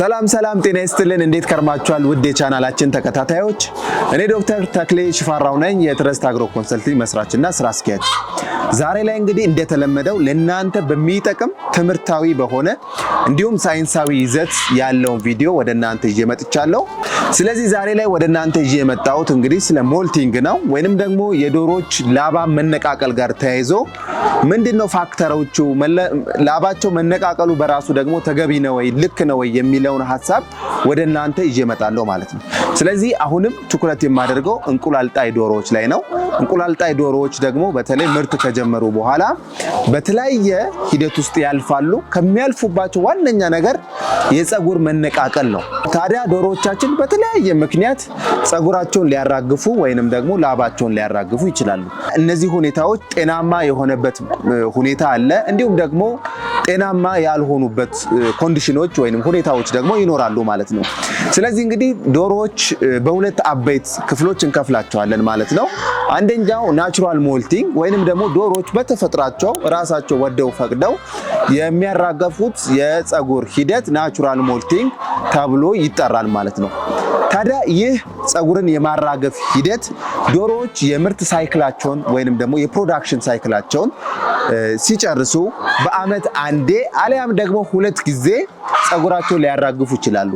ሰላም ሰላም፣ ጤና ይስጥልን። እንዴት ከርማችኋል? ውድ የቻናላችን ተከታታዮች፣ እኔ ዶክተር ተክሌ ሽፋራው ነኝ የትረስት አግሮ ኮንሰልቲንግ መስራችና ስራ አስኪያጅ። ዛሬ ላይ እንግዲህ እንደተለመደው ለእናንተ በሚጠቅም ትምህርታዊ በሆነ እንዲሁም ሳይንሳዊ ይዘት ያለውን ቪዲዮ ወደ እናንተ ይዤ መጥቻለሁ። ስለዚህ ዛሬ ላይ ወደ እናንተ ይዤ የመጣሁት እንግዲህ ስለ ሞልቲንግ ነው፣ ወይንም ደግሞ የዶሮች ላባ መነቃቀል ጋር ተያይዞ ምንድን ነው ፋክተሮቹ፣ ላባቸው መነቃቀሉ በራሱ ደግሞ ተገቢ ነው ወይ ልክ ነው ወይ የሚለው የሚለውን ሀሳብ ወደ እናንተ ይዤ እመጣለሁ ማለት ነው። ስለዚህ አሁንም ትኩረት የማደርገው እንቁላል ጣይ ዶሮዎች ላይ ነው። እንቁላል ጣይ ዶሮዎች ደግሞ በተለይ ምርት ከጀመሩ በኋላ በተለያየ ሂደት ውስጥ ያልፋሉ። ከሚያልፉባቸው ዋነኛ ነገር የፀጉር መነቃቀል ነው። ታዲያ ዶሮዎቻችን በተለያየ ምክንያት ፀጉራቸውን ሊያራግፉ ወይንም ደግሞ ላባቸውን ሊያራግፉ ይችላሉ። እነዚህ ሁኔታዎች ጤናማ የሆነበት ሁኔታ አለ። እንዲሁም ደግሞ ጤናማ ያልሆኑበት ኮንዲሽኖች ወይም ሁኔታዎች ደግሞ ይኖራሉ ማለት ነው። ስለዚህ እንግዲህ ዶሮዎች በሁለት አበይት ክፍሎች እንከፍላቸዋለን ማለት ነው። አንደኛው ናቹራል ሞልቲንግ ወይንም ደግሞ ዶሮዎች በተፈጥሯቸው ራሳቸው ወደው ፈቅደው የሚያራገፉት የፀጉር ሂደት ናቹራል ሞልቲንግ ተብሎ ይጠራል ማለት ነው። ታዲያ ይህ ፀጉርን የማራገፍ ሂደት ዶሮዎች የምርት ሳይክላቸውን ወይንም ደግሞ የፕሮዳክሽን ሳይክላቸውን ሲጨርሱ በአመት አንዴ አሊያም ደግሞ ሁለት ጊዜ ፀጉራቸውን ሊያራግፉ ይችላሉ።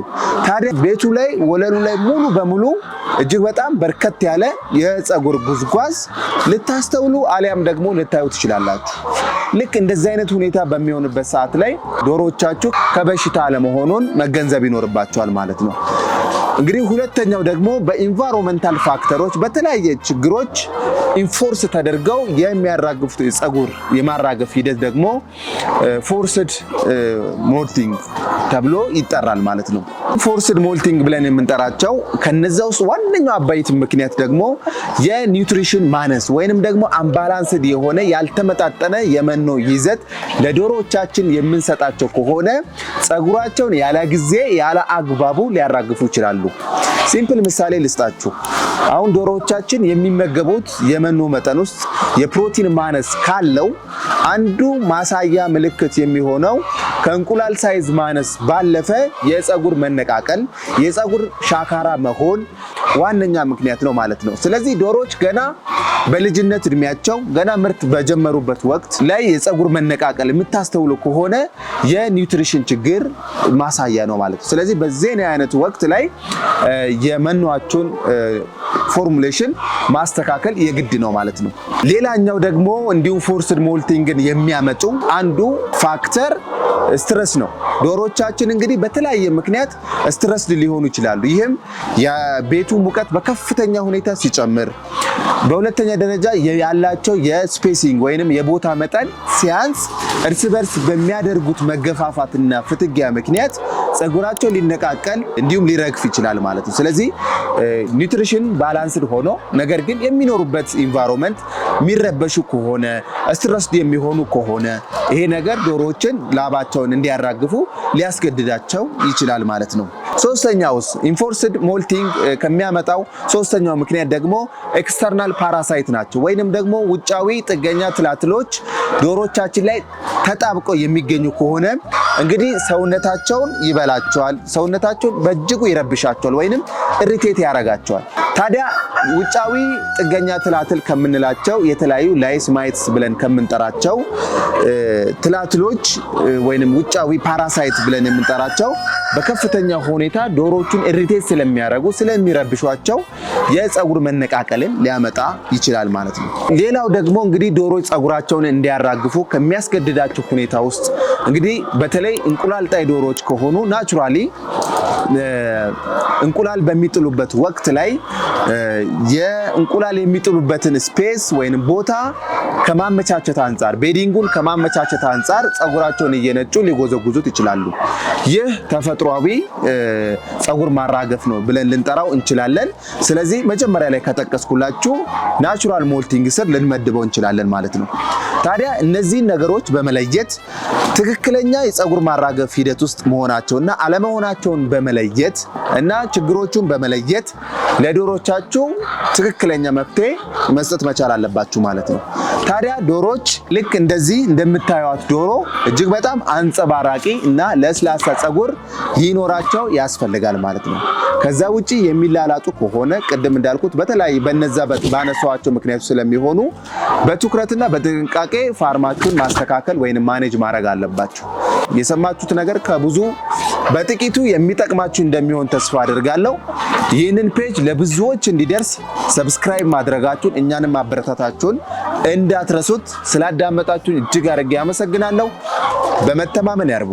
ታዲያ ቤቱ ላይ ወለሉ ላይ ሙሉ በሙሉ እጅግ በጣም በርከት ያለ የፀጉር ጉዝጓዝ ልታስተውሉ አሊያም ደግሞ ልታዩ ትችላላችሁ። ልክ እንደዚህ አይነት ሁኔታ በሚሆንበት ሰዓት ላይ ዶሮዎቻችሁ ከበሽታ አለመሆኑን መገንዘብ ይኖርባቸዋል ማለት ነው። እንግዲህ ሁለተኛው ደግሞ በኢንቫይሮመንታል ፋክተሮች በተለያየ ችግሮች ኢንፎርስ ተደርገው የሚያራግፉት ፀጉር የማራገፍ ሂደት ደግሞ ፎርስድ ሞልቲንግ ተብሎ ይጠራል ማለት ነው። ፎርስድ ሞልቲንግ ብለን የምንጠራቸው ከነዛ ውስጥ ዋነኛው አባይት ምክንያት ደግሞ የኒውትሪሽን ማነስ ወይንም ደግሞ አምባላንስድ የሆነ ያልተመጣጠነ የመኖ ይዘት ለዶሮቻችን የምንሰጣቸው ከሆነ ፀጉራቸውን ያለ ጊዜ ያለ አግባቡ ሊያራግፉ ይችላሉ። ይችላሉ። ሲምፕል ምሳሌ ልስጣችሁ። አሁን ዶሮዎቻችን የሚመገቡት የመኖ መጠን ውስጥ የፕሮቲን ማነስ ካለው አንዱ ማሳያ ምልክት የሚሆነው ከእንቁላል ሳይዝ ማነስ ባለፈ የፀጉር መነቃቀል፣ የፀጉር ሻካራ መሆን ዋነኛ ምክንያት ነው ማለት ነው። ስለዚህ ዶሮዎች ገና በልጅነት እድሜያቸው ገና ምርት በጀመሩበት ወቅት ላይ የፀጉር መነቃቀል የምታስተውሉ ከሆነ የኒውትሪሽን ችግር ማሳያ ነው ማለት ነው። ስለዚህ በዚህ አይነት ወቅት ላይ የመኗቸውን ፎርሙሌሽን ማስተካከል የግድ ነው ማለት ነው። ሌላኛው ደግሞ እንዲሁ ፎርስድ ሞልቲንግን የሚያመጡ አንዱ ፋክተር ስትረስ ነው። ዶሮቻችን እንግዲህ በተለያየ ምክንያት ስትረስድ ሊሆኑ ይችላሉ። ይህም የቤቱ ሙቀት በከፍተኛ ሁኔታ ሲጨምር፣ በሁለተኛ ደረጃ ያላቸው የስፔሲንግ ወይንም የቦታ መጠን ሲያንስ፣ እርስ በርስ በሚያደርጉት መገፋፋትና ፍትጊያ ምክንያት ጸጉራቸው ሊነቃቀል እንዲሁም ሊረግፍ ይችላል ማለት ነው። ስለዚህ ኒውትሪሽን ባላንስድ ሆኖ ነገር ግን የሚኖሩበት ኢንቫይሮንመንት የሚረበሹ ከሆነ ስትረስድ የሚሆኑ ከሆነ ይሄ ነገር ዶሮዎችን ላባቸውን እንዲያራግፉ ሊያስገድዳቸው ይችላል ማለት ነው። ሶስተኛውስ ኢንፎርስድ ሞልቲንግ ከሚያመጣው ሶስተኛው ምክንያት ደግሞ ኤክስተርናል ፓራሳይት ናቸው ወይንም ደግሞ ውጫዊ ጥገኛ ትላትሎች ዶሮቻችን ላይ ተጣብቀው የሚገኙ ከሆነ እንግዲህ ሰውነታቸውን ይበላቸዋል፣ ሰውነታቸውን በእጅጉ ይረብሻቸዋል፣ ወይንም እሪቴት ያደርጋቸዋል። ታዲያ ውጫዊ ጥገኛ ትላትል ከምንላቸው የተለያዩ ማይትስ ብለን ከምንጠራቸው ትላትሎች ወይንም ውጫዊ ፓራሳይት ብለን የምንጠራቸው በከፍተኛ ሁኔታ ዶሮዎቹን ኢሪቴት ስለሚያደርጉ ስለሚረብሿቸው የፀጉር መነቃቀልን ሊያመጣ ይችላል ማለት ነው። ሌላው ደግሞ እንግዲህ ዶሮች ፀጉራቸውን እንዲያራግፉ ከሚያስገድዳቸው ሁኔታ ውስጥ እንግዲህ በተለይ እንቁላል ጣይ ዶሮዎች ከሆኑ ናቹራሊ እንቁላል በሚጥሉበት ወቅት ላይ እንቁላል የሚጥሉበትን ስፔስ ወይንም ቦታ ከማመቻቸት አንጻር ቤዲንጉን ከማመቻቸት አንጻር ጸጉራቸውን እየነጩ ሊጎዘጉዙት ይችላሉ። ይህ ተፈጥሯዊ ጸጉር ማራገፍ ነው ብለን ልንጠራው እንችላለን። ስለዚህ መጀመሪያ ላይ ከጠቀስኩላችሁ ናቹራል ሞልቲንግ ስር ልንመድበው እንችላለን ማለት ነው። ታዲያ እነዚህን ነገሮች በመለየት ትክክለኛ የፀጉር ማራገፍ ሂደት ውስጥ መሆናቸውና አለመሆናቸውን በመለየት እና ችግሮቹን በመለየት ለዶሮቻችሁ ትክክለኛ መፍትሄ መስጠት መቻል አለባችሁ ማለት ነው። ታዲያ ዶሮች ልክ እንደዚህ እንደምታዩት ዶሮ እጅግ በጣም አንጸባራቂ እና ለስላሳ ፀጉር ይኖራቸው ያስፈልጋል ማለት ነው። ከዛ ውጪ የሚላላጡ ከሆነ ቅድም እንዳልኩት በተለያዩ በነዛ ባነሷቸው ምክንያቱ ስለሚሆኑ በትኩረትና በጥንቃቄ ጥንቃቄ ፋርማችሁን ማስተካከል ወይም ማኔጅ ማድረግ አለባችሁ። የሰማችሁት ነገር ከብዙ በጥቂቱ የሚጠቅማችሁ እንደሚሆን ተስፋ አድርጋለሁ። ይህንን ፔጅ ለብዙዎች እንዲደርስ ሰብስክራይብ ማድረጋችሁን እኛንም ማበረታታችሁን እንዳትረሱት። ስላዳመጣችሁን እጅግ አድርጌ አመሰግናለሁ። በመተማመን ያርቡ።